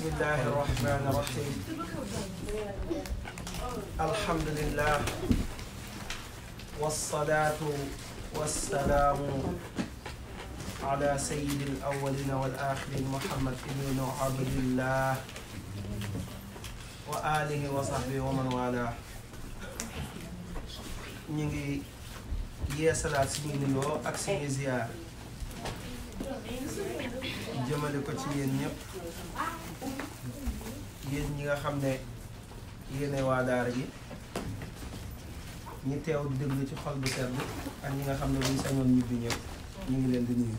بسم الله الرحمن الرحيم الحمد لله والصلاة والسلام على سيد الأولين والآخرين محمد بن عبد الله وآله وصحبه ومن والاه نيجي ngi yeesalaat suñuy nuyoo ak suñuy ziar jëmale ko yéen ñi nga xam ne yéene waa daara ji ñi teew di déglu ci xol bu sedd ak ñi nga xam ne buñ sañoon ñibbi ñëpp ñu ngi leen di nuyu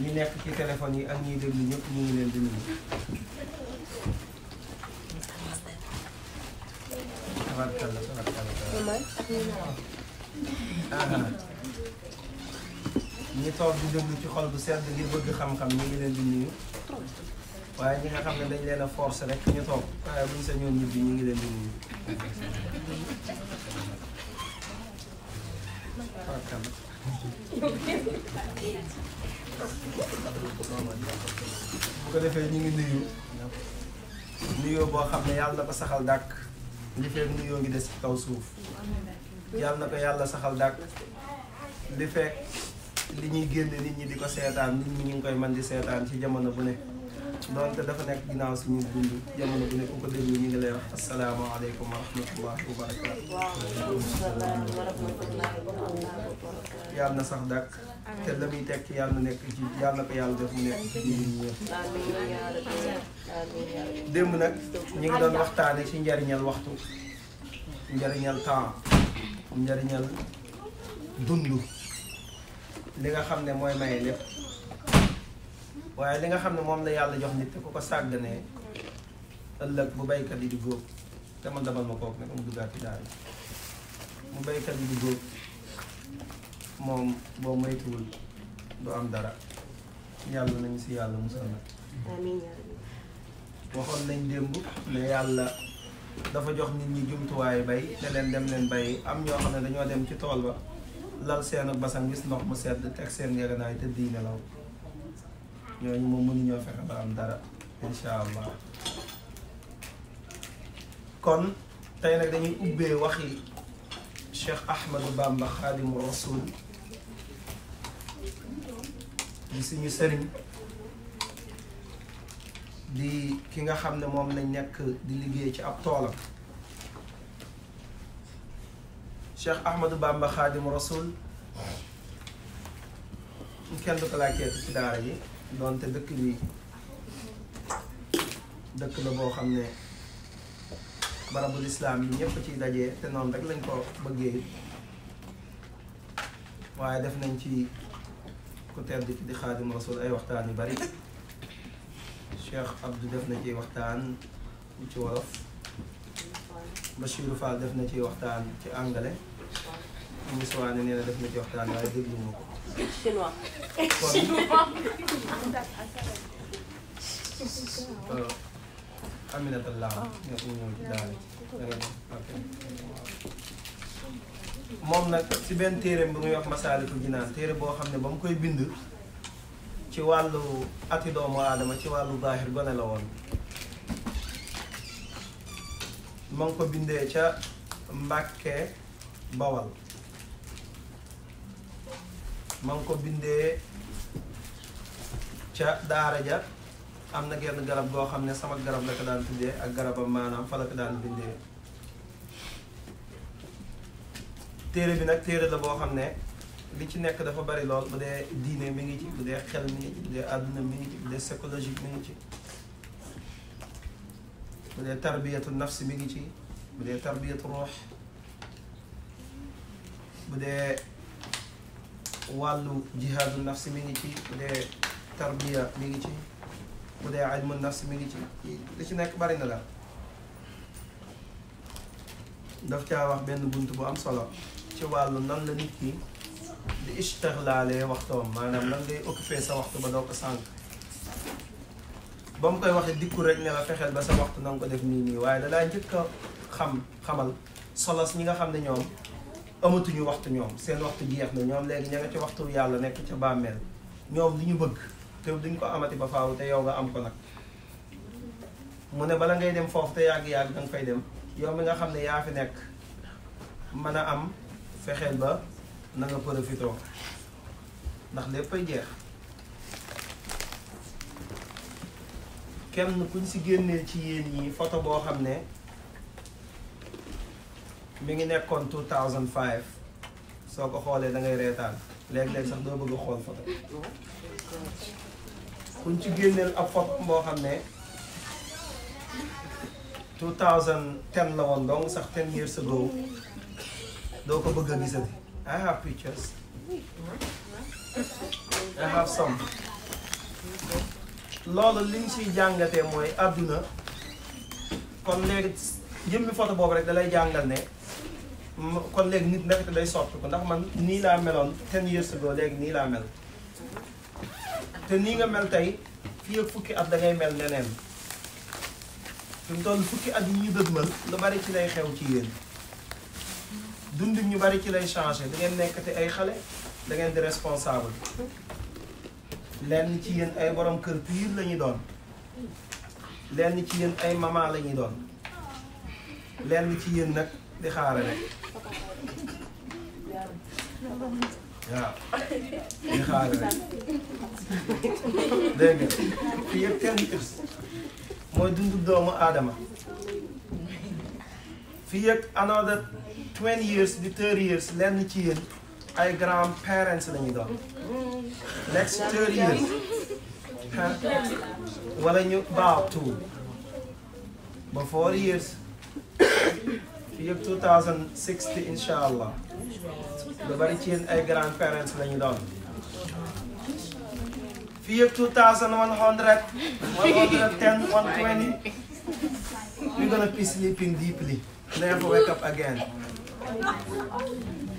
ñi nekk ci téléphone yi ak ñiy déglu ñëpp ñu ngi leen di nuyu tabarkalla tabarkalla toog di déglu ci xol bu sedd ngir bëgg xam-xam ñu ngi leen di nuyu waaye ñi nga xam ne dañ leen a force rek ñu toog waaye buñ sa ñoom ñibbi ñu ngi leen di nuyu. ñu ngi nuyu nuyoo boo xam ne yàlla na ko saxal dàq li fekk nuyoo ngi des ci kaw suuf na ko yàlla saxal dàkk li fekk li ñuy génne nit ñi di ko seetaan nit ñi ñu ngi koy man di seetaan ci jamono bu ne. doonte dafa nekk ginnaaw suñu dund jamono bu ñu ngi lay wax asalaamaaleykum wa rahmatullahi wa barakaatu yàlla na sax dàkk te la muy tekk yàlla na nekk ci yàlla na ko yàlla def mu nekk ci ñëpp démb nag ñu ngi doon waxtaane ci njariñal waxtu njariñal temps njariñal dund li nga xam ne mooy maye lépp waaye li nga xam ne moom la yàlla jox nit te ku ko sàgganee ëllëg bu baykat yi di góob demal dabal ma kook nag mu duggaat ci daal mu baykat yi di góob moom boo moytuwul du am dara yàlla nañu si yàlla musal nag waxoon nañ démb ne yàlla dafa jox nit ñi jumtuwaayu bay ne leen dem leen bay am ñoo xam ne dañoo dem ci tool ba lal seen basang gis ndox mu sedd teg seen ngeganaay te di nelaw ñooñu moom mënuñoo fexe ba am dara incha allah kon tey nag dañuy ubbee waxi Cheikh Ahmadou Bamba Xaadimu Rasul di suñu sëriñ di ki nga xam ne moom lañ nekk di liggéey ci ab toolam Cheikh Ahmadou Bamba Xaadimu Rasul kenn du ko laajteetu ci daara yi donte dëkk bi dëkk la boo xam ne barabu lislaam yi ñëpp ci dajee te noonu rek lañ ko bëggee waaye def nañ ci ku tedd ci di xaadim rasul ay waxtaan yu bari Cheikh Abdou def na ci waxtaan ci wolof Bachirou Fall def na ci waxtaan ci anglais Moussa Wane nee na def na ci waxtaan waaye déglu ma ko الشنوا الشنوا عملت اللام يقولون بذلك moom nag si benn téere bi muy wax Masaalikul Jinaan téere boo xam ne ba mu koy bind ci wàllu ati doomu aadama ci wàllu zaahir gone la woon ma ko bindee ca Mbàkke Bawal ma ngi ko bindee ca daara ja am na genn garab goo xam ne sama garab la ko daan tuddee ak garabam maanaam fa la ko daan bindee téere bi nag téere la boo xam ne li ci nekk dafa bari lool bu dee diine mi ngi ci bu dee xel mi ngi ci bu dee àdduna mi ngi ci bu dee psychologique mi ngi ci bu dee tarbiyatu nafs mi ngi ci bu dee tarbiyatu ruux bu dee والو جهاد النفس ميغيتي ودي تربيه ميغيتي ودي علم النفس ميغيتي ليش نك بارينا لا دافتا واخ بن بونت بو ام صلاه والو نان لا دي اشتغل عليه وقتو مانام نان دي اوكيبي سا وقت ما دوكو بام كاي واخي ديكو رك نلا فخال با سا وقت نانكو ديف ني ني واي دا خم خمال صلاص ميغا خم دي نيوم amatuñu waxtu ñoom seen waxtu jeex na ñoom léegi ña nga waxtu yàlla nekk ca bàmmeel ñoom li ñu bëgg te duñ ko amati ba faaw te yaw nga am ko nag mu ne bala ngay dem foofu te yàgg yàlla da fay dem yow mi nga xam ne yaa fi nekk mën a am fexeel ba na nga profité ndax léppay jeex kenn kuñ si génnee ci yéen ñi photo boo xam ne mi ngi nekkoon 2005 soo ko xoolee da ngay Leg leg sa dobo ko bëgg a xool photo kuñ ci génneel ab photo boo 2010 la woon donc 10 years ago Do ko bëgg a gisati I have pictures I have some loolu liñ siy jàngatee mooy àdduna kon léegi jëmmi photo boobu rek dalay na. ne kon léegi nit nekk day soppi ndax man nii laa meloon ten years ago léegi nii laa mel te nii nga mel tey fii ak fukki at dangay mel neneen fi mu fukki at yi ñu dëgmal lu bari ci lay xew ci yéen dundin ñu bari ci lay changé da ngeen nekk te ay xale da ngeen di responsable lenn ci yéen ay borom kër piir lañuy doon lenn ci yéen ay mama la ñuy doon lenn ci yéen nag di xaare waaw di xaar dégg mooy dundu doomu aadama fii yëpp another twenty years di thirty years lenn ci yéen ay grand parents la ñuy doon next thirty years wala ñu baaw years fii yëpp two thousand sixty incha allah lu bari ci yéen ay grand parents lañu doon fii yëpp two thousand one hundred one hundred ten one twenty you're gonna be sleeping deeply never wake up again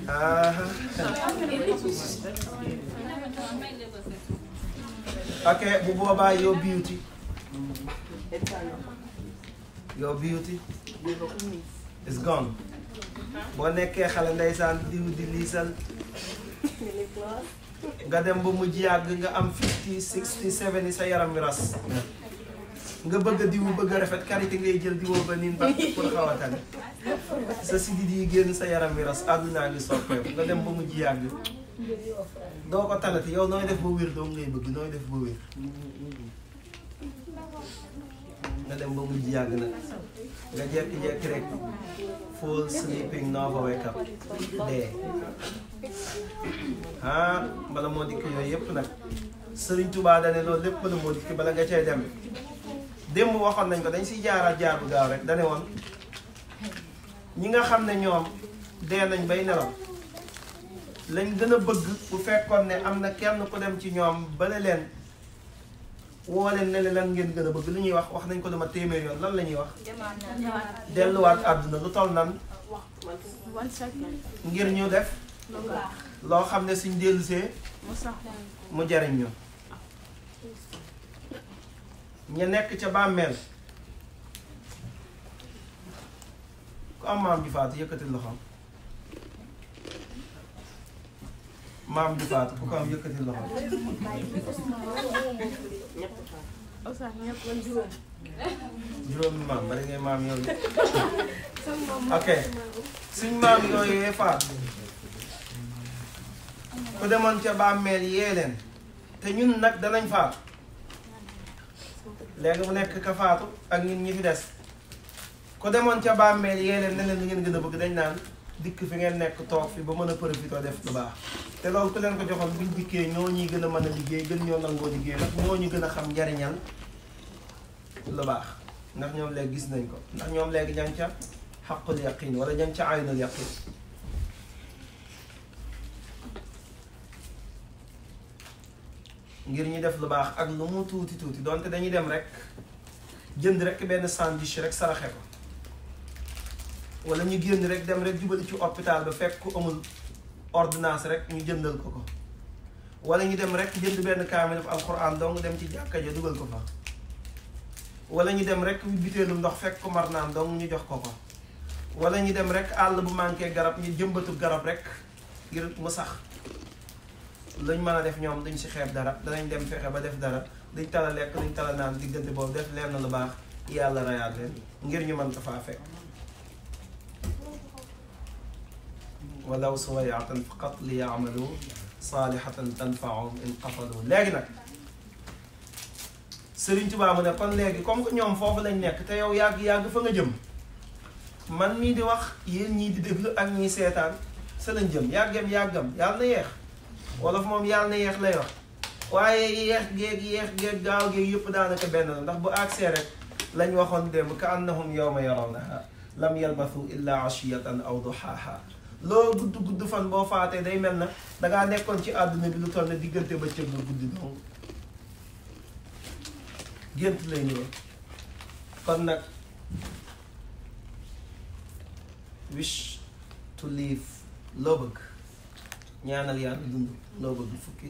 uh-huh. okay bu boobaa your beauty your beauty is gone bo nekké xalé ndaysan diw di lisal nga dem bu mujj yàgg nga am 50 60 70 sa yaram ras nga bëgg a diw bëgg rafet karité ngay jël diwoo ba nin ba pour xaw sa sidi di génn sa yaram ras aduna ngi soppé nga dem bu mujj yàgg do ko talati yow noy def bo wir do ngay bëgg noy def bo wir nga dem ba mujj yàgg nag nga jekki-jekki rek full sleeping nova wake up dee ah bala moo dikk yooyu yëpp nag Sëriñ Tuubaa dane loolu lépp bala moo dikk bala nga cay dem démb waxoon nañ ko dañ siy jaaraat jaar bu gaaw rek dane woon ñi nga xam ne ñoom dee nañ bay nelaw lañ gën a bëgg bu fekkoon ne am na kenn ku dem ci ñoom bale leen woo leen ne lan ngeen gën a bëgg lu ñuy wax wax nañ ko dama téeméer yoon lan la ñuy wax. delluwaat àdduna lu toll nan. ngir ñu def. loo xam ne suñ dellusee. mu jariñ ñu. ñu nekk ca bàmmeel. ku am maam ji faatu yëkkatil loxoom. maam di faatu ku ko am yëkkati loxo. juróomi maam bari ngay maam yooyu. ok suñ maam yooyu yee faatu ku demoon ca bàmmeel yee leen te ñun nag danañ faatu léegi mu nekk ka faatu ak ñun ñi fi des ku demoon ca bàmmeel yee leen ne leen li ngeen gën a bëgg dañ naan. dikk fi ngeen nekk toog fi ba mën a profité def lu baax te lool ku leen ko joxoon buñ dikkee ñoo ñuy gën a mën a liggéey gën ñoo nangoo liggéey ndax moo ñu gën a xam njariñal lu baax ndax ñoom léegi gis nañ ko ndax ñoom léegi ñan ca xaqul yaqin wala ñan ca aynul yaqin ngir ñu def lu baax ak lu mu tuuti tuuti donte dañuy dem rek jënd rek benn sandwich rek saraxe ko wala ñu génn rek dem rek jubali ci hôpital ba fekk ku amul ordonnance rek ñu jëndal ko ko wala ñu dem rek jënd benn kaamil alxuraan dong dem ci jàkka ja dugal ko fa wala ñu dem rek butéelu ndox fekk ko mar naan dong ñu jox ko ko wala ñu dem rek àll bu manqué garab ñu jëmbatu garab rek ngir mu sax luñ mën a def ñoom duñ si xeeb dara danañ dem fexe ba def dara dañ tala lekk duñ tala naan diggante boobu def lenn lu baax yàlla rayaat leen ngir ñu mën ko ولو سويعة فقط ليعملوا صالحة تنفعهم إن قفلوا لكن سرين تبا من أقول لك كم كن يوم فوق لن نك تيو ياغ ياغ فنجم من مي دي وخ يل ني دي دبلو أك ني سيطان سلن جم ياغم ياغم يال نيخ ولف موم يال نيخ لي وخ waaye yeex géeg yeex géeg gaaw géeg yëpp daanaka benn la ndax bu accès rek lañ waxoon démb ka annahum yawma yarawnaha lam yalbathu illa ashiyatan aw duhaha loo gudd gudd fan boo faatee day mel na dangaa nekkoon ci àdduna bi lu toll ne diggante ba cëg la guddi dong gént lay ñëw kon nag wish to live loo bëgg ñaanal yàlla dund loo bëgg fukki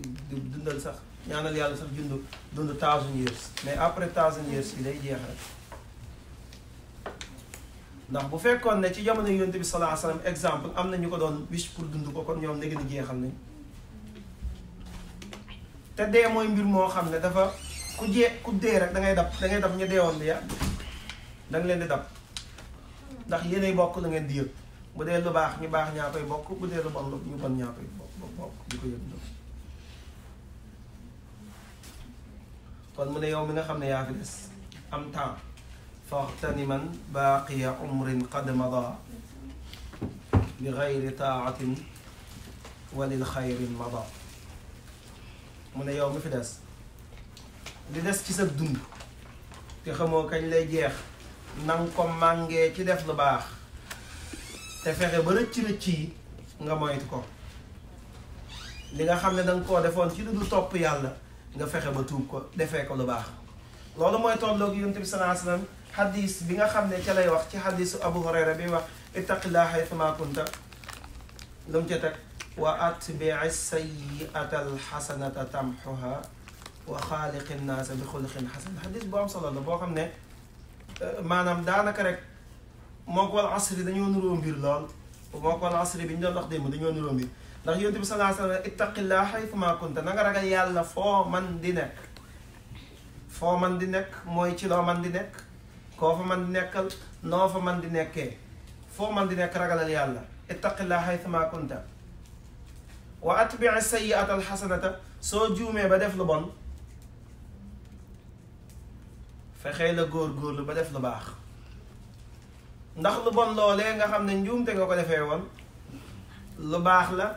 dundal sax ñaanal yàlla sax jund dund thousand years mais après thousand years yi day jeex ndax bu fekkoon ne ci jamono yonent bi sallallahu alayhi exemple am na ñu ko doon wish pour dund ko kon ñoom léegi ni jeexal nañ te dee mooy mbir moo xam ne dafa ku jee ku dee rek da ngay dab da ngay dab ñu deewoon woon ya da nga leen di dab ndax yéenay bokk la ngeen di yëg bu dee lu baax ñu baax ñaa koy bokk bu dee lu bon ñu bon ñaa koy bokk bokk di ko yëg kon mu ne yow mi nga xam ne yaa fi des am temps فاغتنما باقي عمر قد مضى بغير طاعة وللخير مضى mu ne yow mi fi des di des ci sa dund te xamoo kañ lay jeex na nga ko màngee ci def lu baax te fexe ba rëcc rëcc yi nga moytu ko li nga xam ne da nga koo defoon ci lu dul topp yàlla nga fexe ba tuub ko defee ko lu baax loolu mooy tolloog yonent bi sallallahu alayhi wasallam حديث بيغا خامني تي لاي واخ تي حديث ابو هريره بي واخ اتق الله حيثما كنت لم تتك واتبع السيئه الحسنه تمحها وخالق الناس بخلق حسن حديث بو ام صلى الله بو خامني أه، مانام دانك رك موكو العصر دانيو نورو مبير لول وموكو العصر بي ندون واخ ديم دانيو نورو مبير ndax yonte bi sallallahu alayhi wasallam ittaq illah haythu ma kunta nga ragal yalla fo man di nek fo man di nek moy ci lo man di nek كوفا من نكل نوفا من نكي فو من نكرا على يالا اتق الله حيث ما كنت واتبع السيئة الحسنة سو جومي بدف لبن فخيل غور غور بدف لباخ ndax lu bon lolé nga xamné ñoom té nga ko défé won lu bax la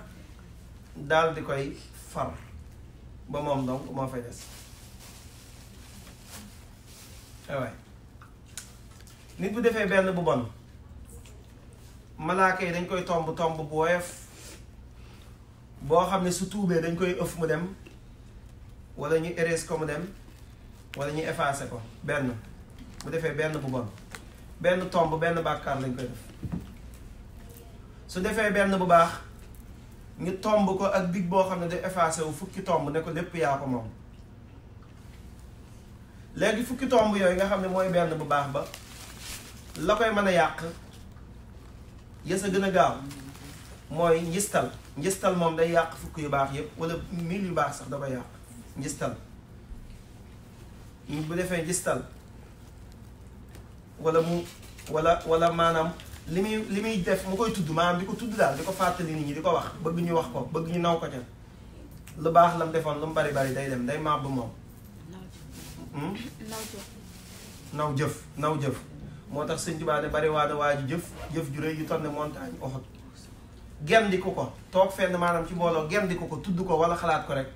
dal di koy far ba mom donc mo fay dess ay nit bu defee benn bu bon malaaka yi dañ koy tomb tomb bu woyof boo xam ne su tuubee dañ koy ëf mu dem walla ñu érees ko mu dem wala ñu effacé ko benn bu defee benn bu bon benn tomb benn bàkkaar lañ koy def su defee benn bu baax ñu tomb ko ak dig boo xam ne da effacé wu fukki tomb ne ko lépp yaa ko moom léegi fukki tomb yooyu nga xam ne mooy benn bu baax ba la koy mën a yàq yës a gën a gaaw mooy njistal njistal moom day yàq fukk yu baax yëpp wala mil yu baax sax dafa yàq njistal bu defee njistal wala mu wala wala maanaam li muy li muy def mu koy tudd maanaam di ko tudd daal di ko fàttali nit ñi di ko wax bëgg ñu wax ko bëgg ñu naw ko ca lu baax lam defoon lu mu bari bari day dem day màbb moom naw jëf naw jëf moo tax sëñ Tuubaa ne bari waana waa ji jëf jëf ju rëy ne montagne Uhud gen di ko ko toog fenn maanaam ci mbooloo gen di ko ko tudd ko wala xalaat ko rek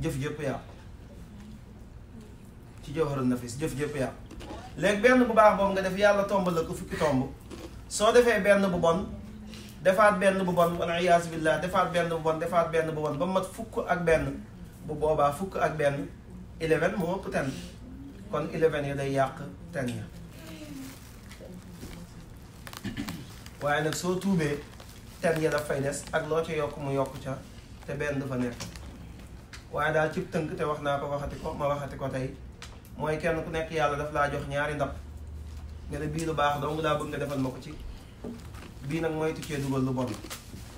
jëf jëpp yàpp ci jawharun nafis jëf jëpp yàpp léegi benn bu baax boobu nga def yàlla tombal la ko fukki tomb soo defee benn bu bon defaat benn bu bon wala iyaas benn bu bon benn bu bon ba mat fukk ak benn bu boobaa fukk ak benn eleven moo ëpp ten kon eleven yi day yàq ten ya waaye nag soo tuubee ten ya daf fay des ak loo ca yokk mu yokk ca te benn dafa nekk waaye daal cib tënk te wax naa ko waxati ko ma waxati ko tey mooy kenn ku nekk yàlla daf laa jox ñaari ndab nga ne bii lu baax dong laa bëgg nga defal ma ko ci bii nag mooy tuccee dugal lu bon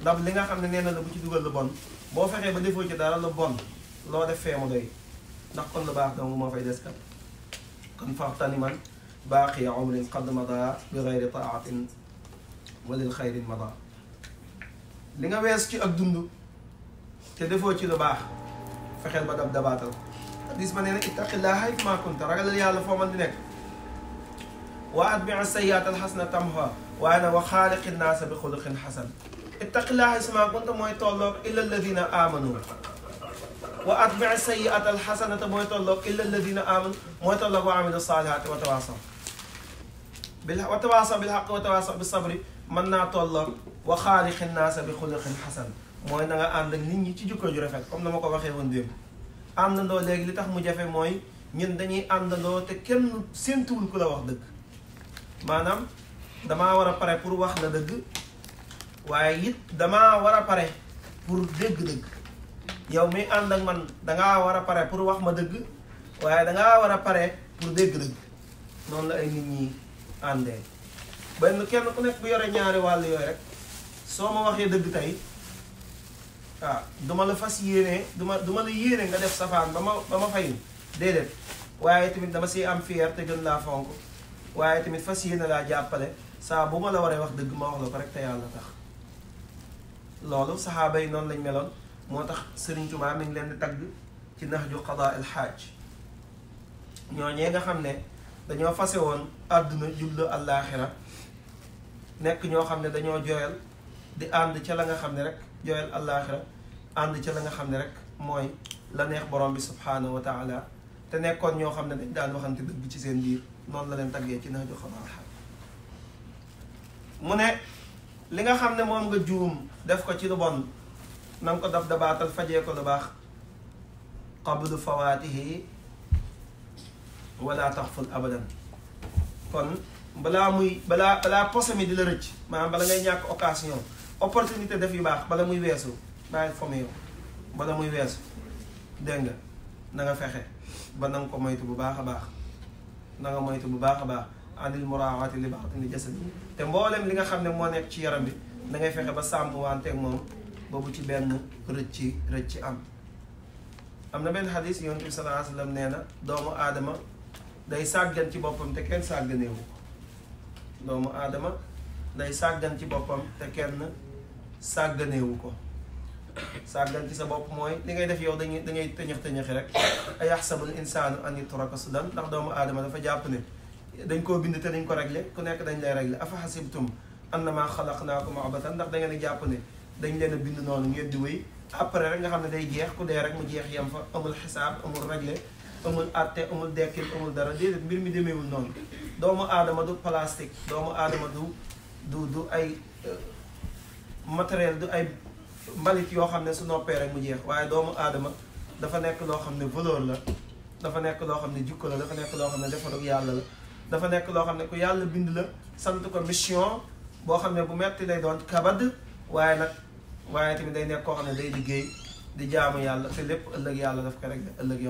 ndab li nga xam ne nee na la bu ci dugal lu bon boo fexee ba defoo ci dara lu bon loo def fee mu doy ndax kon lu baax dong moo fay des kat kon faxtani man baaqiya umrin qad mada bi gayri taatin وللخير مضى لغا ويس كي اك دوندو تي ديفو تي لو باخ فخيل با داب داباتو حديث من هناك اتق الله حيث ما كنت رجل لي الله فمن دي نيك واتبع السيئات الحسنه تمها وانا وخالق الناس بخلق حسن اتق الله حيث ما كنت موي تولوك الا الذين امنوا واتبع السيئات الحسنه موي تولوك الا الذين امنوا موي تولوك الصالحات وتواصوا بالحق وتواصوا بالحق وتواصوا بالصبر mën naa tolloog wa xaalixin naasa bi xuluqin xasan mooy na ànd ak nit ñi ci jikko ju rafet comme na ma ko waxee woon démb àndandoo léegi li tax mu jafe mooy ñun dañuy àndandoo te kenn séntuwul ku la wax dëgg maanaam damaa war a pare pour wax na dëgg waaye it damaa war a pare pour dégg yow mi ànd ak man dangaa war pare pour wax ma dëgg waaye dangaa war a pare pour dégg-dëgg noonu la ay nit ñi àndee ben kenn ku nekk bu yore ñaari wàll yooyu rek soo ma waxee dëgg tey ah duma la fas yéene duma duma la yéene nga def safaan ba ma ba ma fayu déedéet waaye tamit dama siy am fier te gën laa fonk waaye tamit fas yéene laa jàppale saa bu ma la waree wax dëgg ma wax la ko rek te yàlla tax loolu saxaaba yi noonu lañ meloon moo tax Sëriñ Tuubaa mi ngi leen di tagg ci nax ju qadaa al xaaj ñooñee nga xam ne dañoo fase woon àdduna jublu àllaaxira nek ñoo xamne dañoo joyal di ànd ci la nga xamne rek joyal al-akhira ànd ci la nga xamne rek moy la neex borom bi subhanahu wa taala te nekkon ñoo xamne dañ daan waxante dëgg ci seen biir non la leen taggee ci nax jo xabaar xam mu ne li nga xamne mom nga juum def ko ci lu bon nang ko daf dabatal faje ko lu bax qabdu fawatihi wala taxful abadan kon balaa muy balaa balaa poche mi di la rëcc bala ngay ñak occasion opportunité def yu bax bala muy wessu maa famé yow bala muy weesu dégg nga na nga fexe ba na ko moytu bu baax a baax na nga moytu bu baax a baax andil muraawaati li baax li jasad te mboolem li nga xamné mo nek ci yaram bi da ngay fexé ba sàmm mom moom boobu ci benn rëcc recc am. am na benn xadis yonent sallallahu alayhi wa sallam nee ah. doomu adama day sàggan ci boppam te kenn sàgganeewu eh, oh. doomu aadama day sàggan ci boppam te kenn sàgganewu ko sàggan ci sa bopp mooy li ngay def yow dañuy dañuy tëñëx tëñëxi rek ay yaxsabul insaanu an yutraka sudan ndax doomu aadama dafa jàpp ne dañ koo bind te dañ ko réglé ku nekk dañ lay réglé afa xasibtum annama xalaqnaakum abatan ndax da ngeen a jàpp ne dañ leen a bind noonu ngeen di wéy après rek nga xam ne day jeex ku dee rek mu jeex yem fa amul xisaab amul réglé amul àtte amul dekkil amul dara déedéet mbir mi demeewul noonu doomu aadama du plastique doomu aadama du du ay euh, matériel du ay mbalit yoo xam ne su noppee rek mu jeex waaye doomu aadama dafa nekk loo xam ne valeur la dafa nekk loo xam ne jukka la dafa nekk loo xam ne defaru yàlla la dafa nekk loo xam ne ku yàlla bind la sant ko mission boo xam ne bu metti lay doon kabad waaye nag waaye tamit day nekk koo xam ne day liggéey di jaamu yàlla te lépp ëllëg yàlla daf koy rek ëllëg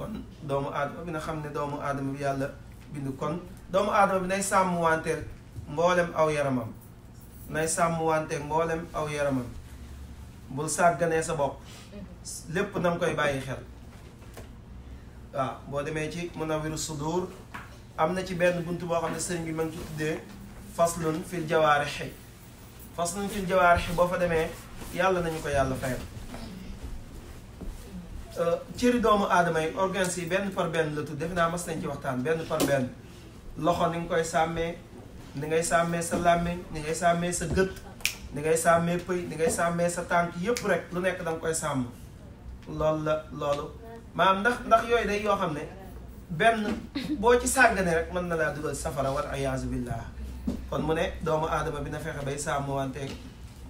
kon doomu aadama bi nga xam ne doomu aadama bi yàlla bind kon doomu aadama bi nay sàmm wante mboolem aw yaramam nay sàmm wante mboolem aw yaramam bul sàgganee sa bopp lépp na koy bàyyi xel waaw boo demee ci munawiru sudur am na ci benn bunt boo xam ne sëriñ bi ma ngi ci tuddee faslun fil jawaarixi faslun fil jawaarixi boo fa demee yàlla nañu ko yàlla fayal Euh, cëri doomu aadama yi organes yi benn for benn la tudd defe naa mas nañ ci waxtaan benn par benn loxo ni nga koy sàmmee ni ngay sàmmee sa làmmiñ ni ngay sàmmee sa gët ni ngay sàmmee pëy ni ngay sàmmee sa tànk yépp rek lu nekk da koy sàmm loolu la loolu maanaam ndax ndax yooyu day yoo xam ne benn boo ci sàggane rek mën na laa dugal safara war ayaazu billah kon mu ne doomu aadama bi na fexe bay sàmm wante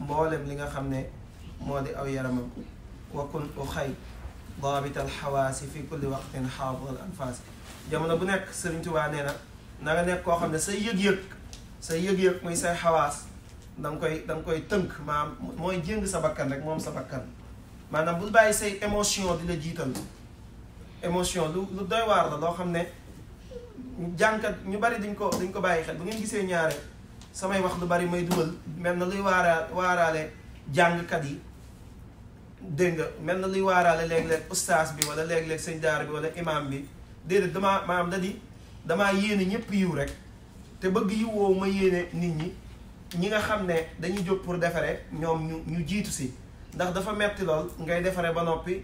mboolem li nga xam ne moo di aw yaramam wa xay daabit al xawaasi fi kulli waqtin xaafid al anfaas jamono bu nekk Sëriñ Tuubaa nee na na nga nekk koo xam ne say yëg-yëg say yëg-yëg muy say xawaas da nga koy da nga koy moom sa bakkan maanaam bul bàyyi say di la jiital émotion lu lu doy waar la loo xam ne jànkat ñu bari dañ ko dañ ko bàyyi xel bu ngeen gisee ñaare samay wax bari may dugal mel na luy waara waaraale jàngkat yi dégg nga mel na luy waaraale léeg-léeg ustaas bi wala léeg-léeg sëñ daara bi wala imam bi déedéet damaa maam da di damaa yéene ñëpp yiw rek te bëgg yiw woowu ma yéene nit ñi ñi nga xam ne dañuy jóg pour defare ñoom ñu ñu jiitu si ndax dafa metti lool ngay defare ba noppi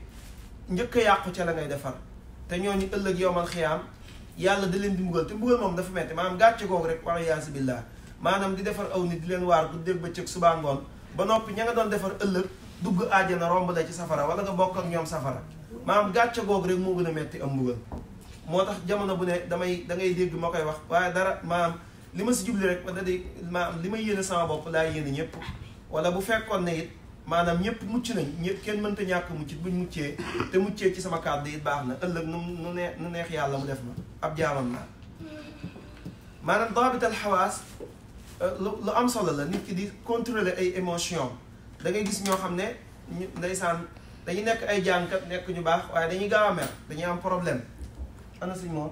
njëkk a yàqu ca la ngay defar te ñooñu ëllëg yowmal xiyaam yàlla da leen di mbugal te mbugal moom dafa metti maanaam gàcce googu rek wala yaasi billah maanaam di defar aw nit di leen waar guddeeg bëccëg subaa ngoon ba noppi ña nga doon defar ëllëg dugg aajana romb la ci safara wala nga bokk ak ñoom safara maanaam gàcce googu rek moo gën a metti am mbugal moo tax jamono bu ne damay dangay ngay dégg ma koy wax waaye dara maam li ma si jubli rek da di maanaam li ma yéene sama bopp laa yéene ñëpp wala bu fekkoon ne it maanaam ñëpp mucc nañ ñëpp kenn mënta ñàkk mucc buñ muccee te muccee ci sama kàddu it baax na ëllëg nu nu nee nu neex yàlla mu def ma ab jaamam naa maanaam daabit al xawaas euh, lu am solo la nit ki di contrôler ay émotion da ngay gis ñoo xam ne ñu saan dañu nekk ay jàngkat nekk ñu baax waaye dañuy gaaw a mer dañuy am problème ana suñ moom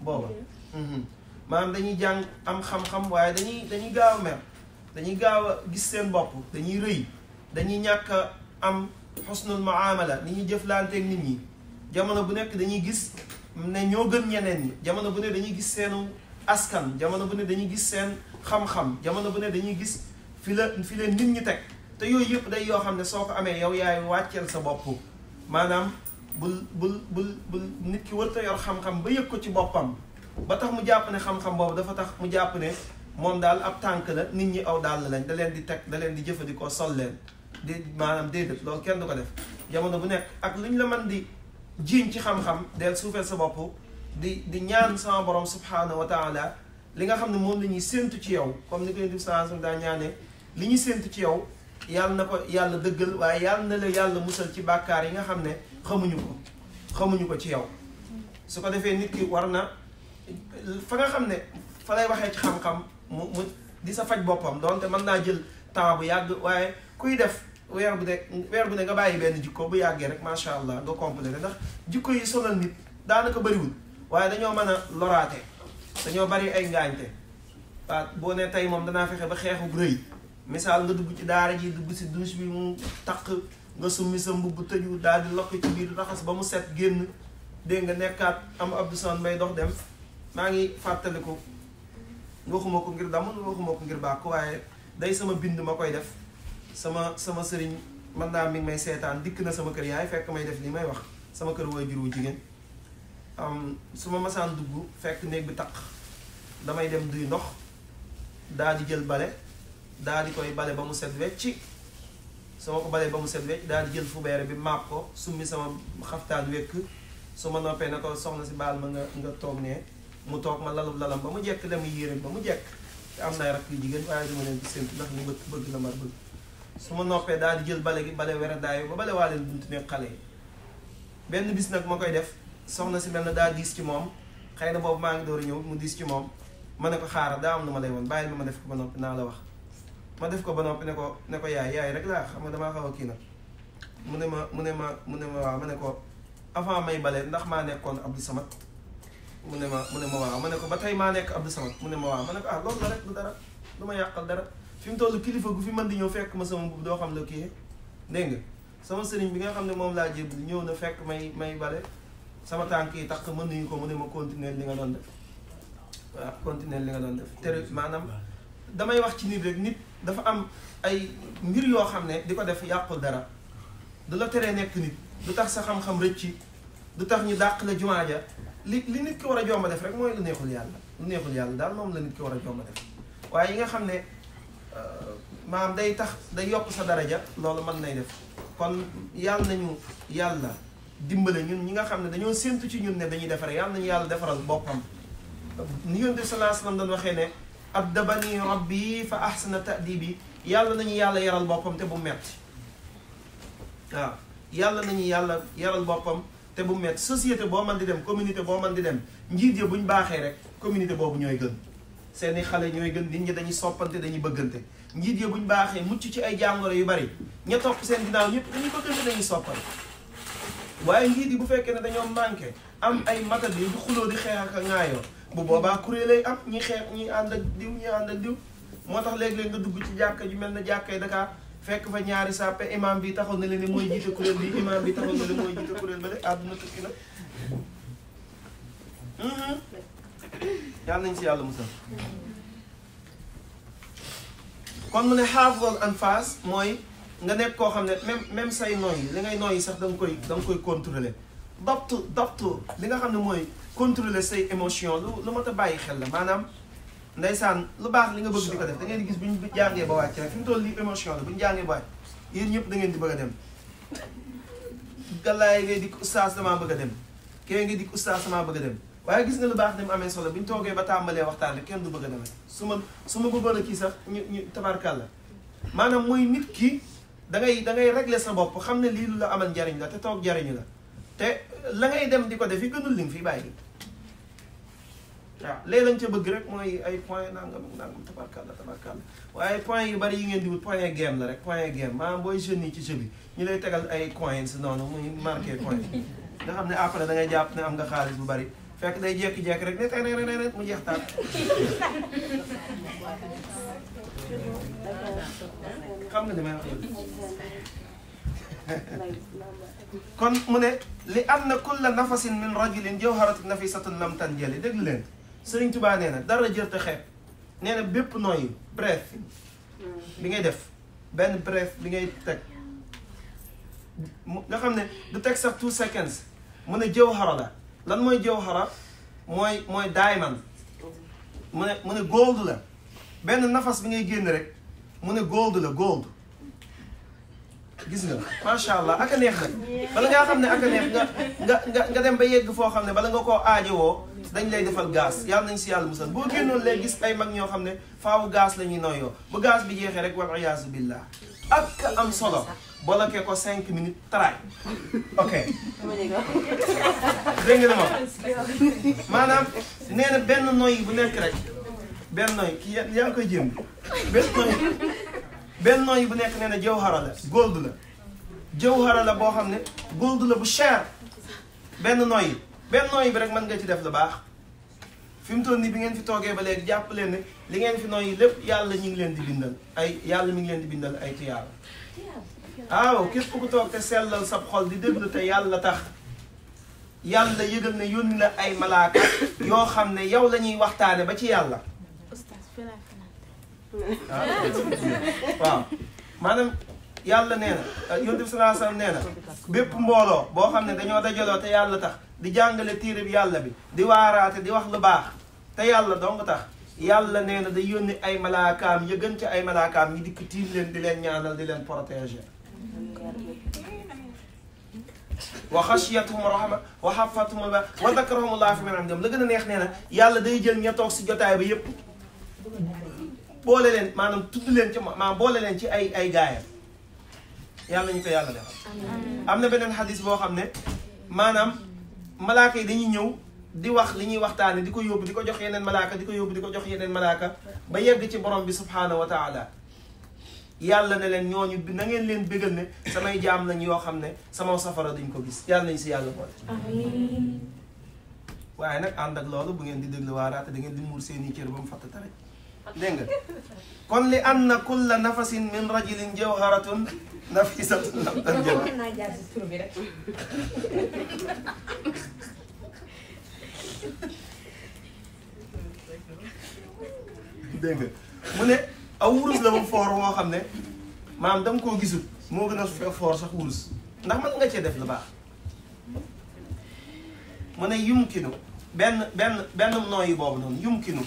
booba mhm. maanaam dañuy jàng am xam-xam waaye dañuy dañuy gaaw a mer dañuy gaaw a gis seen bopp dañuy rëy dañuy ñàkk a am xusnul muamala ni ñuy jëflanteeg nit ñi jamono bu nekk dañuy gis ne ñoo gën ñeneen yi jamono bu ne dañuy gis seenu askan jamono bu ne dañuy gis seen xam-xam jamono bu ne dañuy gis fi la fi la nit ñi teg te yooyu yëpp day yoo xam ne soo ko amee yow yaay wàcceel sa bopp maanaam bul bul bul bul nit ki warta yor xam-xam ba yëg ko ci boppam ba tax mu jàpp ne xam-xam boobu dafa tax mu jàpp ne moom daal ab tànk la nit ñi aw dàll lañ da leen di teg da leen di jëfandikoo sol leen di maanaam déedéet loolu kenn du ko def jamono bu nekk ak lu ñu la man di jiiñ ci xam-xam del suufeel sa bopp di di ñaan sama borom subhaanahu wa taala li nga xam ne moom la ñuy séentu ci comme ni ko yonent bi daa ñaanee li ñu séntu ci yow yàlla na ko yàlla dëggal waaye yàlla na la yàlla musal ci baakaar yi nga xam ne xamuñu ko xamuñu ko ci yow su ko defee nit ki war na fa nga xam ne fa lay waxee ci xam-xam mu mu di sa faj boppam donte mën naa jël temps bu yàgg waaye kuy def weer bu de weer bu ne nga bàyyi benn jikko bu yàggee rek macha allah nga complété ndax jikko yi sonal nit daanaka bëriwul waaye dañoo mën a loraate dañoo bari ay ngaañte waaw boo ne tey moom danaa fexe ba xeexu rëy misaal nga dugg ci daara ji dugg si douche bi mu takk nga summi sa mbubb tëju daal di lokk ci biir raxas ba mu set génn dégg nga nekkaat am Abdou San may dox dem maa ngi fàttaliku waxuma ko ngir damul ko ngir bàkk waaye day sama bind ma koy def sama sama sëriñ man naa mi ngi may seetaan dikk na sama kër yaay fekk may def li may wax sama kër waajur wu jigéen su ma masaan dugg fekk néeg bi taq damay dem duy ndox daal di jël bale daal di koy bale ba mu set wecc soo ko balee ba mu set wecc daal di jël fubeere bi maap ko summi sama xaftaan wekk su noppee na ko soxna si baal ma nga nga toog ne mu toog ma lalub lalam ba mu jekk dem yéeréem ba mu jekk am naay rakk jigéen waaye dama leen di séntu ndax ñu bëgg na mar su ma noppee daal di jël bale gi bale wera daayo ba bale waa leen buntu ne xale yi benn bis nag ma koy def soxna si mel na daa diis ci moom xëy na boobu maa ngi door ñëw mu diis ci moom ma ne ko xaaral daa am lu ma lay woon bàyyi ma ma def ko ma noppi naa la wax ma def ko ba noppi ne ko ne ko yaay yaay rek laa xam nga damaa xaw a kii nag mu ne ma mu ne ma mu ne ma waaw ma ne ko avant may bale ndax maa nekkoon Abdou Samad mu ne ma mu ne ma waaw ma ne ko ba tey maa nekk Abdou Samad mu ne ma waaw ma ne ko ah loolu la rek du dara du ma yàqal dara fi mu toll kilifa gu fi mën di ñëw fekk ma sama mbubb doo xam la kii dégg nga sama sëriñ bi nga xam ne moom laa jébbi ñëw na fekk may may bale sama tànk yi tax mën nañu ko mu ne ma continuer li nga doon def waaw continuer li nga doon def maanaam damay wax ci nit rek dafa am ay mbir yoo xam ne di ko def yàqul dara du la teree nekk nit du tax sa xam-xam rëcci lu tax ñu dàq la jumaa ja li li nit ki war a jomba def rek mooy lu neexul yàlla lu neexul yàlla daal moom la nit ki war a jomba def waaye yi nga xam ne euh, maam day tax day yokk sa dara ja loolu mën nay def kon yàlla nañu yàlla dimbale ñun ñi nga xam ne dañoo séntu ci ñun ne dañuy defare yàlla nañu yàlla defaral boppam ni yonent bi sallallahu alayhi man doon waxee ne addabani rabbi fa ahsana ta'dibi yàlla ñu yàlla yaral boppam te bu metti waaw yàlla nañu yàlla yaral boppam te bu metti société boo man di dem communité boo man di dem njiit bu ñu baaxee rek communité boobu ñooy gën seeni xale ñooy gën nit ñi dañuy soppante dañuy bëggante njiit bu ñu baaxee mucc ci ay jàngoro yu bari ña topp seen ginnaaw ñëpp dañuy bëggante dañuy soppante waaye njiit yi bu fekkee ne dañoo manqué am ay matadi di xuloo di xeex ak a bu boobaa kuréel lay am ñi xeex ñi ànd ak diw ñi ànd ak diw moo tax léeg-léeg nga dugg ci jàkka ju mel ne jàkkay Dakar fekk fa ñaari sàppe imam bi taxaw na leen ne mooy jiite kuréel bi imam bi taxaw mooy jiite kuréel ba de àdduna tukki na mhm. yàlla nañ si yàlla musal kon mu ne xaaflool an face mooy nga nekk koo xam ne même même say nooyi li ngay nooyi sax da nga koy da koy contrôler daptu daptu li nga xam ne mooy contrôler say émotion lu lu mat bàyyi xel la maanaam ndeysaan lu baax li nga bëgg di ko def da ngeen di gis bu ñu jàngee ba wàcc rek fi mu toll nii émotion la bu ñu jàngee ñëpp da ngeen di bëgg a dem galaay ngay dikk oustaz damaa bëgg a dem kee ngay dikk oustaz damaa bëgg dem waaye gis nga lu baax dem amee solo bi ñu toogee ba tàmbalee waxtaan rek kenn du bëgg a demee su ma su ma bëggoon a kii sax ñu ñu la maanaam mooy nit ki da ngay da ngay régler sa bopp xam ne lii lu la amal njariñ la te toog jariñu la te la ngay dem di ko def yi gënul li nga fi bàyyi waaw léeg lañ ca bëgg rek mooy ay point nangam nangam tabarkàlla tabarkàlla waaye point yu bari yi ngeen di wut point game la rek point game maanaam booy jeunes yi ci jeu bi ñu lay tegal ay coins noonu muy marqué point nga xam ne après da ngay jàpp ne am nga xaalis bu bari fekk lay jékki-jékki rek ne tey ne ne ne mu jeex taal. xam nga li may kon mu ne li am na kulla nafasin min rajulin jawharatun nafisatun lam tanjali dégg leen Sëriñ Tuubaa nee na dara jërte xeeb nee na bépp nooyi bref bi ngay def benn bref bi ngay teg nga xam ne du teg sax two seconds mu ne jawhara la lan mooy jawhara mooy mooy diamond mu ne mu ne gold la benn nafas bi ngay génn rek mu ne gold la gold gis nga macha allah ak a neex nag xam ne ak a neex nga nga nga dem ba yegg foo xam ne bala nga koo aajowoo dañ lay defal gaz yàlla nañ si yàlla musal boo génnoon lay gis ay mag ñoo xam ne faaw gaz la ñuy noyyoo ba gaz bi jeexee rek wal iyaazu billah ak am solo bloqué ko cinq minutes taraay ok dégg nga maanaam nee na benn noyyi bu nekk rek benn noyyi ki yaa koy jëm benn noyyi benn nooyi bu nekk nee na jawhara la gold la jawhara la boo xam ne gold la bu cher benn nooyi benn nooyi bi rek mën nga ci def lu baax fi mu toll nii bi ngeen fi toogee ba léegi jàpp leen ne li ngeen fi nooyi lépp yàlla ñu ngi leen di bindal ay yàlla mi ngi leen di bindal ay tiyaar waaw képp ku toog te sellal sab xol di déglu te yàlla tax yàlla yëgal ne yónni la ay malaaka yoo xam ne yow la ñuy waxtaane ba ci yàlla waaw ah, maanaam yalla nee na e, yonent bi sallallahu alayhi wa bépp mbooloo boo xam ne dañoo dajaloo te yàlla tax di jàngale téere bi yàlla bi di waaraate di wax lu baax te yàlla dong tax yàlla nee na day yónni ay malaakaam ya gën ci ay malaakaam ñi dikk tiim leen di leen ñaanal di leen protéger wa xashiyathum rahma wa xafathum wa dakrahumullah fi man indahum la gën a neex nee na yàlla day jël ña toog si jotaay ba yépp boole leen maanaam tudd leen ci maanaam boole leen ci ay ay gaayam yàlla ñu ko yàlla defal am na beneen xadis boo xam ne maanaam malaaka yi dañuy ñëw di wax li ñuy waxtaan waxtaane di ko yóbbu di ko jox yeneen malaaka di ko yóbbu di ko jox yeneen malaaka ba yegg ci borom bi subhaanahu wa taala yàlla ne leen ñooñu na ngeen leen bégal ne samay jaam lañ yoo xam ne sama safara duñ ko gis yàlla nañ si yàlla boole waaye nag ànd ak loolu bu ngeen di déglu waaraate da ngeen di muur seen i cër دينغ كون لي ان كل نفس من رجل جوهره نفيسه لم تنجم دينغ مني اورس لا فور مو خامني مام دام كو غيسوت مو غنا فور صاح اورس ndax man nga ci def lu baax mané yumkinu ben ben ben noyu bobu non yumkinu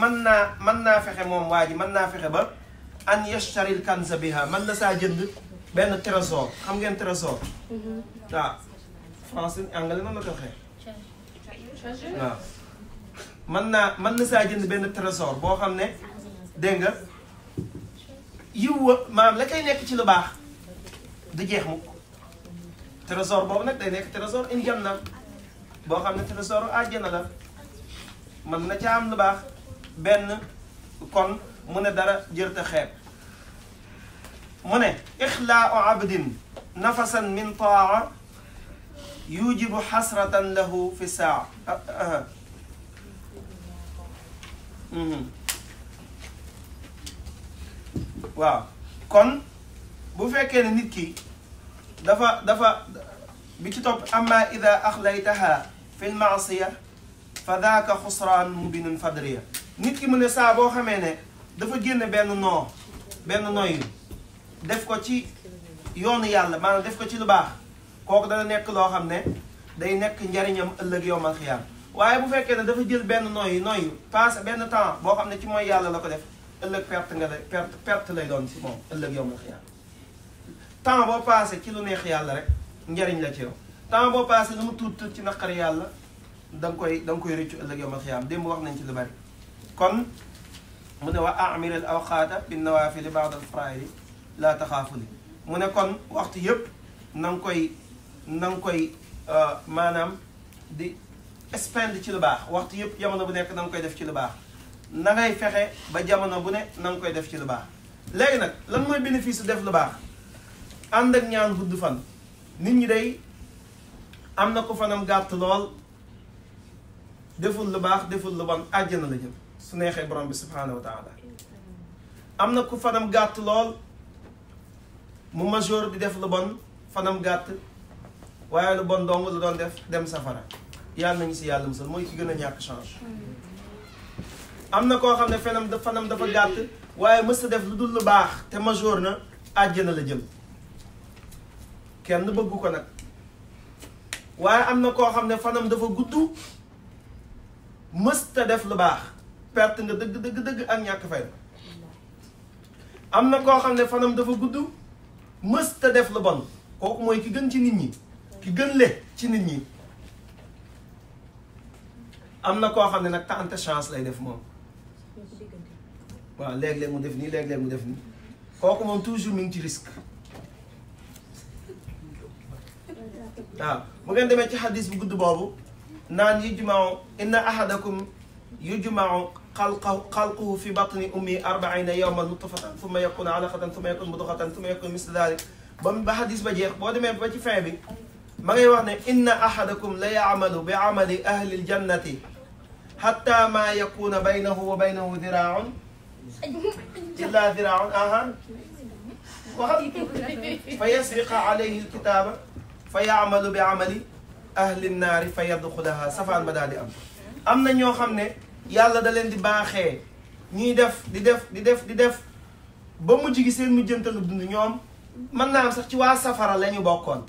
منا منا فخ موم واجي منا فخ با ان يشتري الكنز بها من لا سا جند بن تريزور خم نين تريزور دا فرانس انغلي ما مكو خي لا منا من لا سا جند بن تريزور بو خم ني دنگا يو مام لا كاي نيك تي لو باخ دو جيخ مو تريزور بوب نك داي نيك تريزور ان جنة بو خم ني تريزور اجنا لا من نتي ام لو باخ benn kon mu ne dara jërta xeeb mu ne ixlaau abdin nafasan min taa yujibu xasratan lahu fi saa waaw kon bu fekkee ne nit ki dafa dafa bi ci topp amma ida axlaytaha fi lmaasiya fa daaka xusraan mubinun fadriya nit ki mu sa bo xamé ne dafa génne benn noo benn noyyu def ko ci yoonu yàlla maanaam def ko ci lu baax koku dana nek lo xamné day nek njariñam ëllëg yowmal xiyam waye bu fekké ne dafa jël benn noyyu noyyu passe ben temps bo xamné ci moy yàlla lako def ëlëk perte nga perte perte lay doon si moom ëllëg yowmal xiyam temps bo passé ci lu neex yàlla rek njariñ la ci yow temps bo passé lu mu tut ci naqar yàlla dang koy dang koy rëccu ëllëg yowmal xiyam dem wax nañ ci lu bari كون من هو اعمل الاوقات بالنوافل بعض الفرائض لا تخافوا لي من كون وقت يب نانكوي نانكوي ا مانام دي اسبند تي لو وقت يب يامنا بو نيك نانكوي ديف تي لو باخ ناغي فخه با جامنا بو نيك نانكوي ديف تي لو باخ لغي نك لان موي بينيفيس ديف لو باخ اندك نيان بود فان داي امنا كو فانام غات لول ديفول لو باخ ديفول سنيخ برام سبحانه وتعالى امنا كو فادم غات لول مو ماجور دي ديف لبون فادم غات وايا لبون دون لو دون ديف ديم سفارا يال نانيس يال مسل موي كي غنا نياك شانج امنا كو خا نني فنم دف فنم دفا غات وايا مسا ديف لودول لو باخ تي ماجور نا ادجنا لا جيم كين بوغو كو نك وايا امنا كو خا نني فنم دفا غودو مست ديف لو باخ perte nga deug deug deug ak ñak fay am na koo xam fanam dafa gudd mës te def lu bon kooku moy ki gën ci nit ñi ki gën le ci nit ñi amna ko xamne nak tante chance lay def mom wa leg leg mu def ni leg leg mu def ni kooku mom toujours mi ngi ci risque waaw bu ngeen demé ci hadith bu gudd boobu naan yujmau inna ahadakum yujmau خلقه, خلقه في بطن أمي أربعين يوما نطفة ثم يكون علقة ثم يكون مضغة ثم يكون مثل ذلك بام بحديث بجيخ بودي مين بجي فعبي ما يوحنا إن أحدكم لا يعمل بعمل أهل الجنة حتى ما يكون بينه وبينه ذراع إلا ذراع آها فيسرق عليه الكتاب فيعمل بعمل أهل النار فيدخلها سفان بدالي أم امنا ньо خامني yàlla da leen di baaxee ñuy def di def di def di def ba mujj gi seen mujjantalu dund ñoom mën naa am sax ci waa safara la ñu bokkoon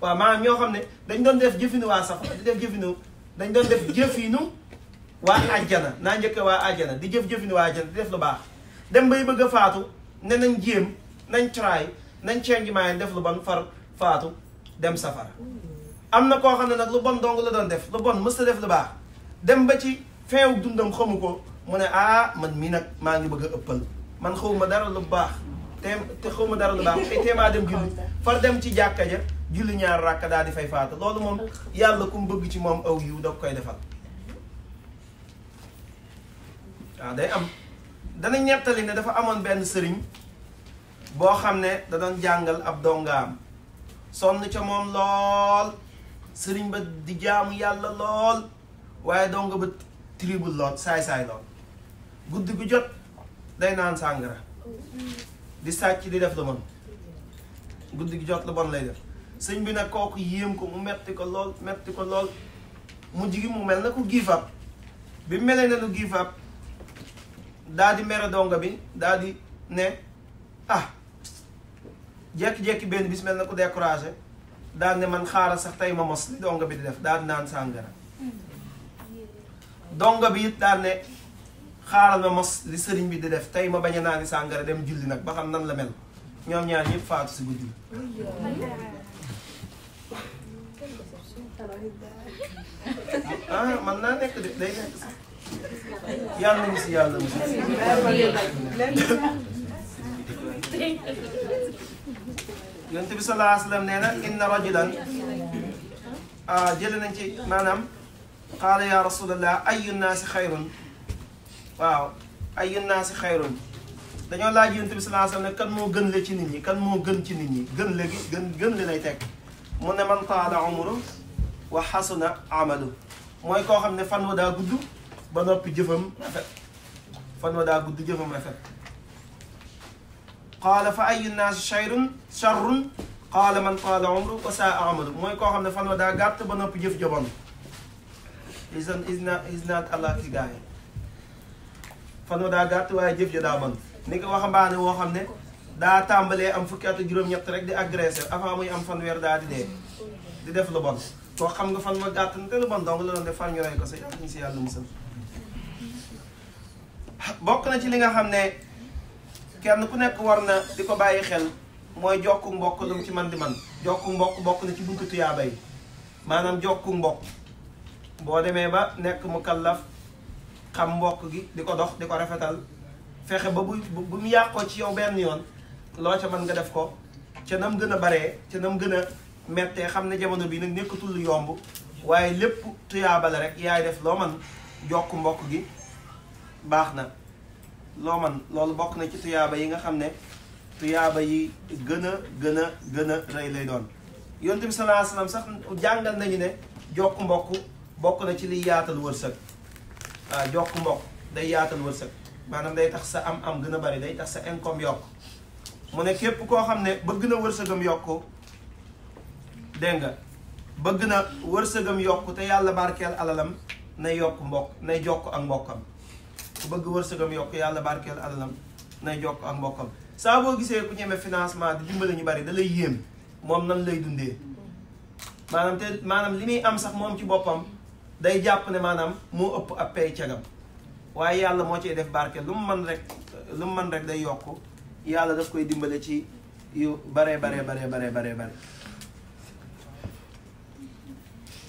waaw maanaam ñoo xam ne dañ doon def jëfinu waa safara di def jëfinu dañ doon def jëfinu waa àjjana naa njëkke waa àjjana di jëf jëfinu waa àjjana di def lu baax dem bay bëgg a faatu ne nañ jéem nañ try nañ change mind def lu bon far faatu dem safara am na koo xam ne nag lu bon dong la doon def lu bon mës def lu baax dem ba feew dundam xamu ko mu ne ah man mii nag maa ngi bëgg a ëppal man xaw ma dara lu baax te xaw ma dara lu baax te teemaa dem julli far dem ci jàkka ja julli ñaar ràkk daal di fay faata loolu moom yàlla ku mu bëgg ci moom aw yiw da koy defal waaw ah, day am dana ñettali ne dafa amoon benn sëriñ boo xam ne da doon jàngal ab dongaam sonn ca moom lool sëriñ ba di jaamu yàlla lool waaye donga ba tribul lool saay-saay loot guddi gu jot day naan sàngara di sàcc di def lu bon guddi gu jot lu bon lay def sëñ bi nag kooku yéem ko mu metti ko lool metti ko lool mu jigi mu mel na ku giifab bi melee na lu giifab daa di mere donga bi daa di ne ah jekki-jekki benn bis mel na ku découragé daal ne man xaaral sax tey ma mos li donga bi di def daal di naan sàngara dongo bi it daan xaaral ma mos li sëriñ bi di def tey ma bañ a naani sàngara dem julli nag ba xam nan la mel ñoom ñaar ñëpp faatu si guddi ah man naa nekk de day nekk sax yàlla mu si yàlla mu na ah, ci maanaam قال يا رسول الله ayu naasi xayrun waaw ayu naasi xayrun dañoo laaj yonent bi sallallahu alayhi wasallam ne kan moo gën le ci nit ñi kan moo gën ci nit ñi gën le gi gën gën li lay teg mu ne man taala umru wa xasuna amalu mooy koo xam ne fan wa daa gudd ba noppi jëfam rafet fan wa daa gudd jëfam rafet qaala fa ayu naasi chayrun charrun qaala man taala umru wa saa amalu mooy koo xam ne fan wa daa gàtt ba noppi jëf jobon is an is not is not allah ki fan wa daa gàtt waaye jëf ja daa mën ni ko waxambaane woo xam ne daa tàmbalee am fukki at juróom-ñett rek di agressé avant muy am fanweer daa di dee di def la bon koo xam nga fan ma gàtt na te lu bon donc la doon fan ñu rey ko sa yàlla ñu si yàlla bokk na ci li nga xam ne kenn ku nekk war na di ko bàyyi xel mooy jokku mbokk lu ci man di man jokku mbokk bokk na ci buntu tuyaaba yi maanaam jokku mbokk boo demee ba nekk mu kallaf xam mbokk gi di ko dox di ko rafetal fexe ba bu bu mu yàqoo ci yow benn yoon loo ca man nga def ko ca nam gën a baree nam gën a mettee ne jamono bi nag nekkatul lu yomb waaye lépp tuyaaba la rek yaay def loo man jokk mbokk gi baax na loo man loolu bokk na ci tuyaaba yi nga xam ne tuyaaba yi gën a gën a gën a rëy lay doon yonent bi sallallahu alayhi wasallam sax jàngal nañu ne jokk mbokk bokk na ci liy yaatal wërsëg ah, jokk mbokk day yaatal wërsëg maanaam day tax sa am-am gën a bari day tax sa income yokk mu ne képp koo xam ne bëgg na wërsëgam yokk dégg nga bëgg na wërsëgam yokk te yàlla barkeel alalam nay yokk mbokk nay jokk ak mbokkam ku bëgg wërsëgam yokk yàlla barkeel alalam nay jokk ak mbokkam saa boo gisee ku ñeme financement di dimbale ñu bari dalay lay yéem moom nan lay dundee maanaam te maanaam li muy am sax moom ci boppam day jàpp ne maanaam moo ëpp ab pay cagam waaye yàlla moo ciy def barke lu mu mën rek lu mu mën rek day yokk yàlla daf koy dimbale ci yu bare bare bare bare bare bare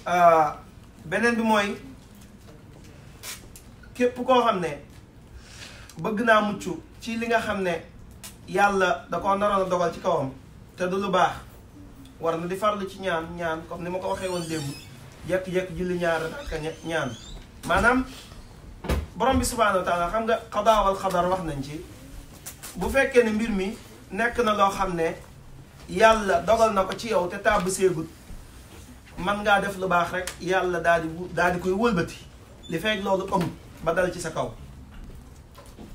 ah, beneen bi mooy képp koo xam ne bëgg naa mucc ci li nga xam ne yàlla da ko naroon a dogal ci kawam te du lu baax war na di farlu ci ñaan ñaan comme ni ma ko waxee woon yak yak julli ñaar ak ñaan manam borom bi subhanahu wa taala xam nga qada wal qadar wax nañ ci bu fekke ne mbir mi nek na lo xamne yalla dogal na ci yow te tàbb segut man nga def lu bax rek yalla dadi dadi koy wëlbati li fek lolu am ba dal ci sa kaw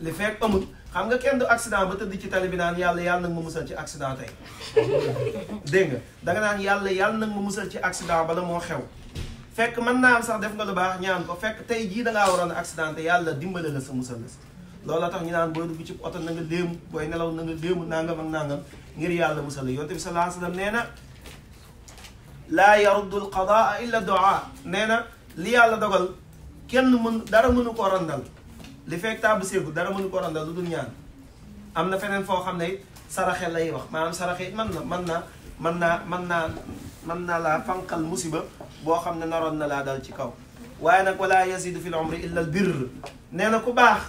li fek amul xam nga kenn du accident ba teud ci tali bi nan yalla yalla nag mu mussal ci accident tey dégg nga danga naan yalla yàlla nag ma ci accident bala mo xew fekk mën naa am sax def nga lu baax ñaan ko fekk tey jii da waroon a yàlla dimbale la sa musal la si loolu tax ñu naan booy dugg ci oto na nga léemu booy nelaw na nga léemu nangam ak nangam ngir yàlla musal la yonte bi sallallahu alayhi wasallam nee na laa yaruddu l qadaa illa doa nee na li yàlla dogal kenn mun dara mënu ko randal li fekk taabu seegu dara mënu ko randal lu dul ñaan am na feneen foo xam ne it saraxe lay wax maanaam saraxe it mën na naa mën naa mën naa mën naa laa fanqal musiba boo xam ne naroon na laa dal ci kaw waaye nag wala yasidu fil umri illa al birr nee na ku baax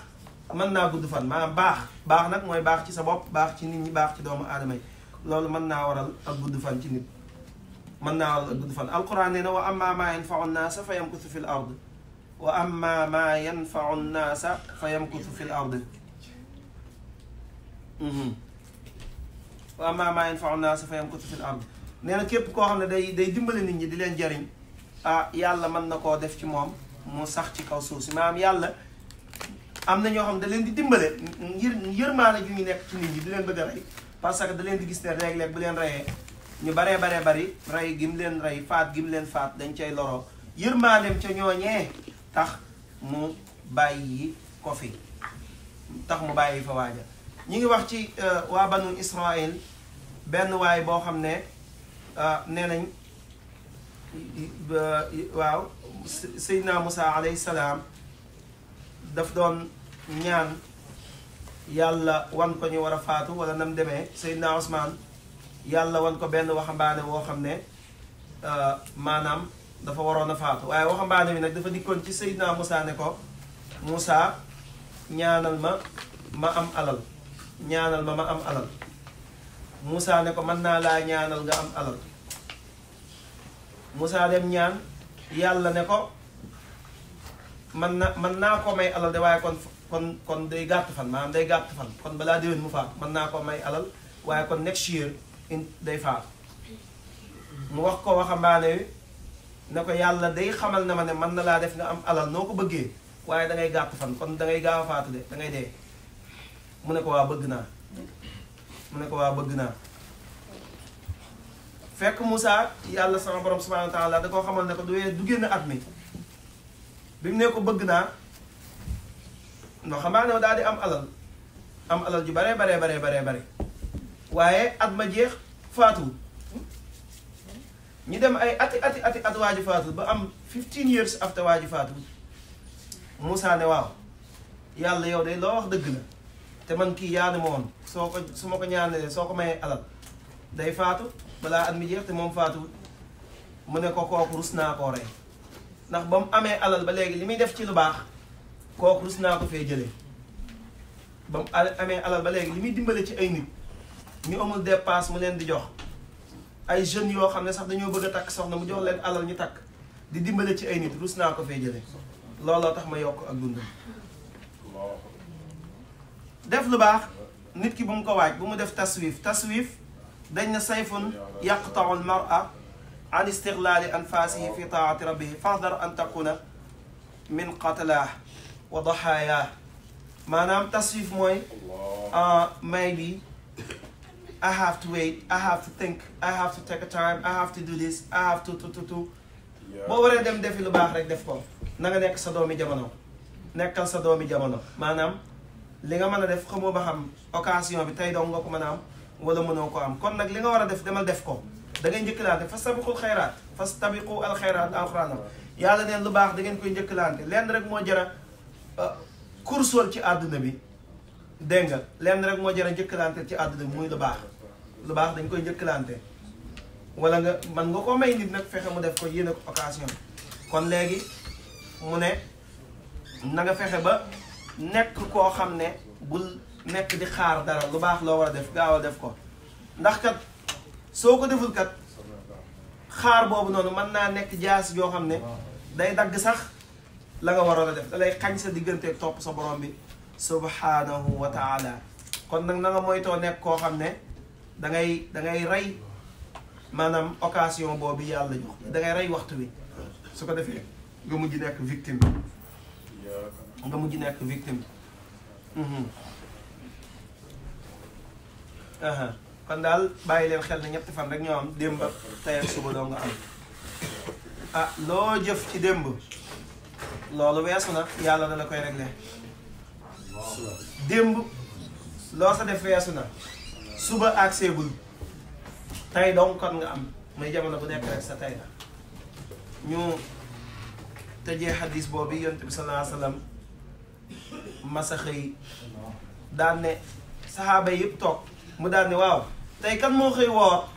mën naa gudd fan maanaam baax baax nag mooy baax ci sa bopp baax ci nit ñi baax ci doomu aadama yi loolu mën naa waral ak gudd fan ci nit mën naa waral ak gudd fan alquran nee na wa amma maa yanfau nnaasa fa yamkuthu fi l ard wa amma maa yanfau nnaasa fa yamkuthu fi l ard wa amma maa yanfau nnaasa fa yamkuthu fi l ard nee na képp koo xam ne day day dimbale nit ñi di leen jariñ ah yàlla mën na koo def ci moom mu sax ci kaw suuf si maanaam yàlla am na ñoo xam da leen di dimbale ngir yërmaane ju ñu nekk ci nit ñi di leen bëgg a rey parce que daleen di gis ne léeg-léeg bu leen reyee ñu baree baree bari rey gi mu leen rey faat gi mu leen faat dañ cay loroo yërmaaneem ca ñooñee tax mu bàyyi ko fi tax mu bàyyi fa waaja ñi ngi wax ci euh, waa banu Israël benn waay boo xam ne euh, nee nañ waaw Seydina musa alayhi salaam daf doon ñaan yàlla wan ko ñu war a faatu wala nam demee Seydina Ousmane yàlla wan ko benn waxambaane woo xam ne euh, maanaam dafa waroon a faatu waaye waxambaane bi nag dafa dikkoon ci Seydina Moussa ne ko Moussa ñaanal ma ma am alal ñaanal ma ma am alal Moussa ne ko mën naa laa ñaanal nga am alal musaa dem ñaan yàlla ne ko man na mën naa ko may alal de waaye kon kon kon day gàtt fan ma day gàtt fan kon balaa déwén mu faat mën naa ko may alal waaye kon next year in day faat mu wax ko waxambaane wi ne ko yàlla day xamal na ma ne man na laa def nga am alal noo ko bëggee waaye dangay ngay gàtt fan kon da gaaw a faatu de da dee mu ne ko waa bëgg naa mu ne ko waa bëgg naa fekk Moussa yàlla sama borom subhanahu wa taala da koo xamal ne ko du du génn at mi bi mu ne ko bëgg naa ndox xamaa ne daal di am alal am alal ju bare bare bare bare bare waaye at ma jeex faatuwul ñu dem ay ati ati ati at waaju faatu ba am 15 years after waaju faatu Moussa ne waaw yàlla yow de loo wax dëgg la te man kii yaanu ma woon soo ko su ma ko ñaanalee soo ko mayee alal day faatu balaa at mi jeex te moom faatuwul mu ne ko kooku rus naa ko rey ndax ba mu amee alal ba léegi li muy def ci lu baax kook rus naa ko fee jëlee ba mu amee alal ba léegi li muy dimbale ci ay nit ñu amul dépasse mu leen di jox ay jeunes yoo xam ne sax dañoo bëgg a takk soxna mu jox leen alal ñu takk di dimbale ci ay nit rus naa ko fee jëlee looloo tax ma yokk ak dundam def lu baax nit ki bu mu ko waaj bu mu def taswif taswif dañ ne sayfun yaqtau almara an istiglali anfasihi fi taati rabbihi fahdar an takuna min qatalaah wa daxaayaah maanaam taswif mooy maybe I have to wait I have to think I have to take a time I have to do this I have to to to to boo waree dem defi lu baax rek def ko na nga nekk sa doomi jamono nekkal sa doomi jamono maanaam li nga mën a def xamoo ba xam occasion bi tey dong nga ko mën a am ولا منوكو ام كون نك ليغا ورا ديف ديمال ديف كو داغي نديك لا ديف فسبقوا الخيرات فاستبقوا الخيرات اخرى يالا نين لو باخ داغي نكوي نديك لان لين رك مو جرا كورسول تي ادنا بي دنگا لين رك مو جرا نديك لان تي ادنا موي لو باخ لو باخ داغي نكوي ولا nga man nga ko may nit nak fexé mu def ko yene occasion kon légui mu né na nga fexé nekk di xaar dara lu baax loo war a def gaaw a def ko ndax kat soo ko deful kat xaar boobu noonu mën naa nekk jaas yoo xam ne day dagg sax la nga waroon a def da lay xañ sa digganteeg topp sa borom bi subhanahu wa taala kon nag na nga moytoo nekk koo xam ne da ngay da ngay rey maanaam occasion boobu yàlla jox da ngay rey waxtu wi su ko defee nga mujj nekk victime nga mujj nekk victime mhm. kon daal bàyyi leen xel ne ñetti fan rek ñoo am démb ak ak suba doo nga am ah loo jëf ci démb loolu weesu na yàlla da la koy réglé démb loo sa def weesu na suba ak seebul tey dong kon nga am muy jamono bu nekk rek sa tey la ñu tëjee xadis boobu yonent bi sallallahu alayhi wasallam masaxa yi saxaaba yëpp toog mu daal ni waaw tey kan moo xëy woor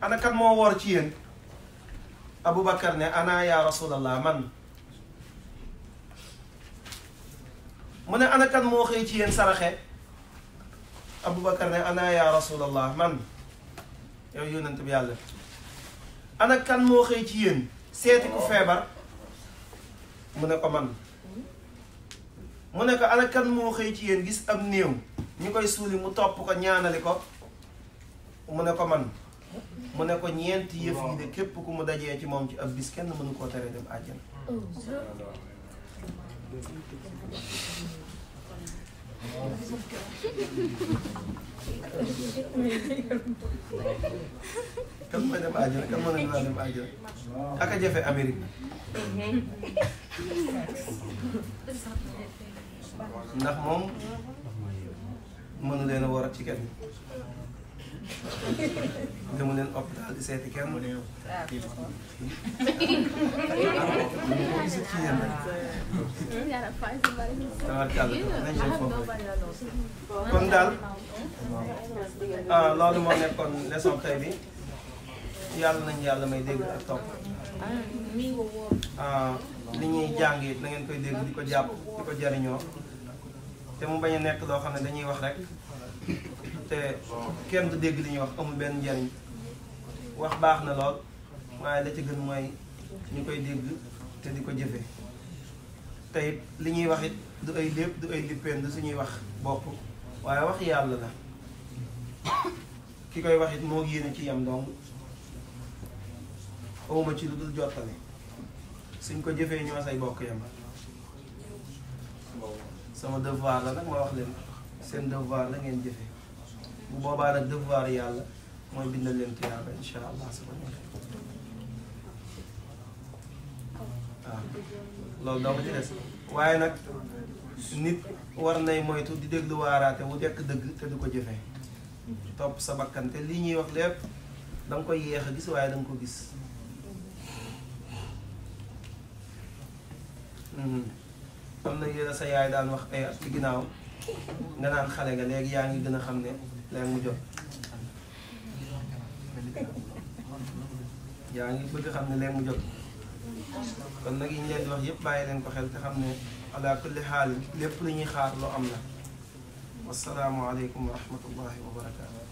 ana kan moo woor ci yéen Aboubacar ne ana ya rasulallah man mu ne ana kan moo xëy ci yéen saraxe Aboubacar ne ana ya rasulallah man yow yonent bi yàlla ana kan moo xëy ci yéen seeti ku feebar mu ne ko man mu ne ko ana kan moo xëy ci yéen gis am néew ñu koy suuli mu topp ko ñaanale ko mu ne ko man mu ne ko ñeenti yëf yi de képp ku mu dajee ci moom ci ab bis kenn mënu koo teree dem àjjana kan mooy dem àjjana ak a jafe Amérique mhm. ndax moom mënu leen a war a ci kenn leen hôpital di seeti kenn kon daal ah, loolu moo nekkoon leçon tey bi yàlla nañ yàlla may dégg ak topp ah, li ñuy jàng it na ngeen koy dégg di ko jàpp di ko te mu bañ nekk loo xam ne dañuy wax rek te kenn du dégg li ñuy wax amul benn njariñ wax baax na lool waaye la ci gën mooy ñu koy dégg te di ko jëfe te li ñuy wax it du ay lépp du ay lippeen du suñuy wax bopp waaye wax yàlla la ki koy waxit it moo yéene ci yam dong awma ci lu dul jottale suñ ko jëfee ñoo say bokk yam sama devoir la nag ma wax leen seen devoir la ngeen jëfe bu boobaa nag devoir yàlla mooy bindal leen tuyaaba incha allah sama waaw loolu doo ko ci waaye nag nit war nay moytu di déglu waaraate wu dekk dëgg te du ko jëfe topp sa bakkan te lii ñuy wax lépp da nga koy yéex a gis waaye da ko gis hmm. am na yéen sa yaay daan wax ay at ci ginnaaw nga naan xale nga léegi yaa ngi gën a xam ne léegi mu jot yaa ngi bëgg xam ne léegi mu jot kon nag yi ñu leen di wax yëpp bàyyi leen ko xel te xam ne ala kulli xaal lépp lu ñuy xaar lu am la wasalaamualeykum wa rahmatullahi wa barakaatu.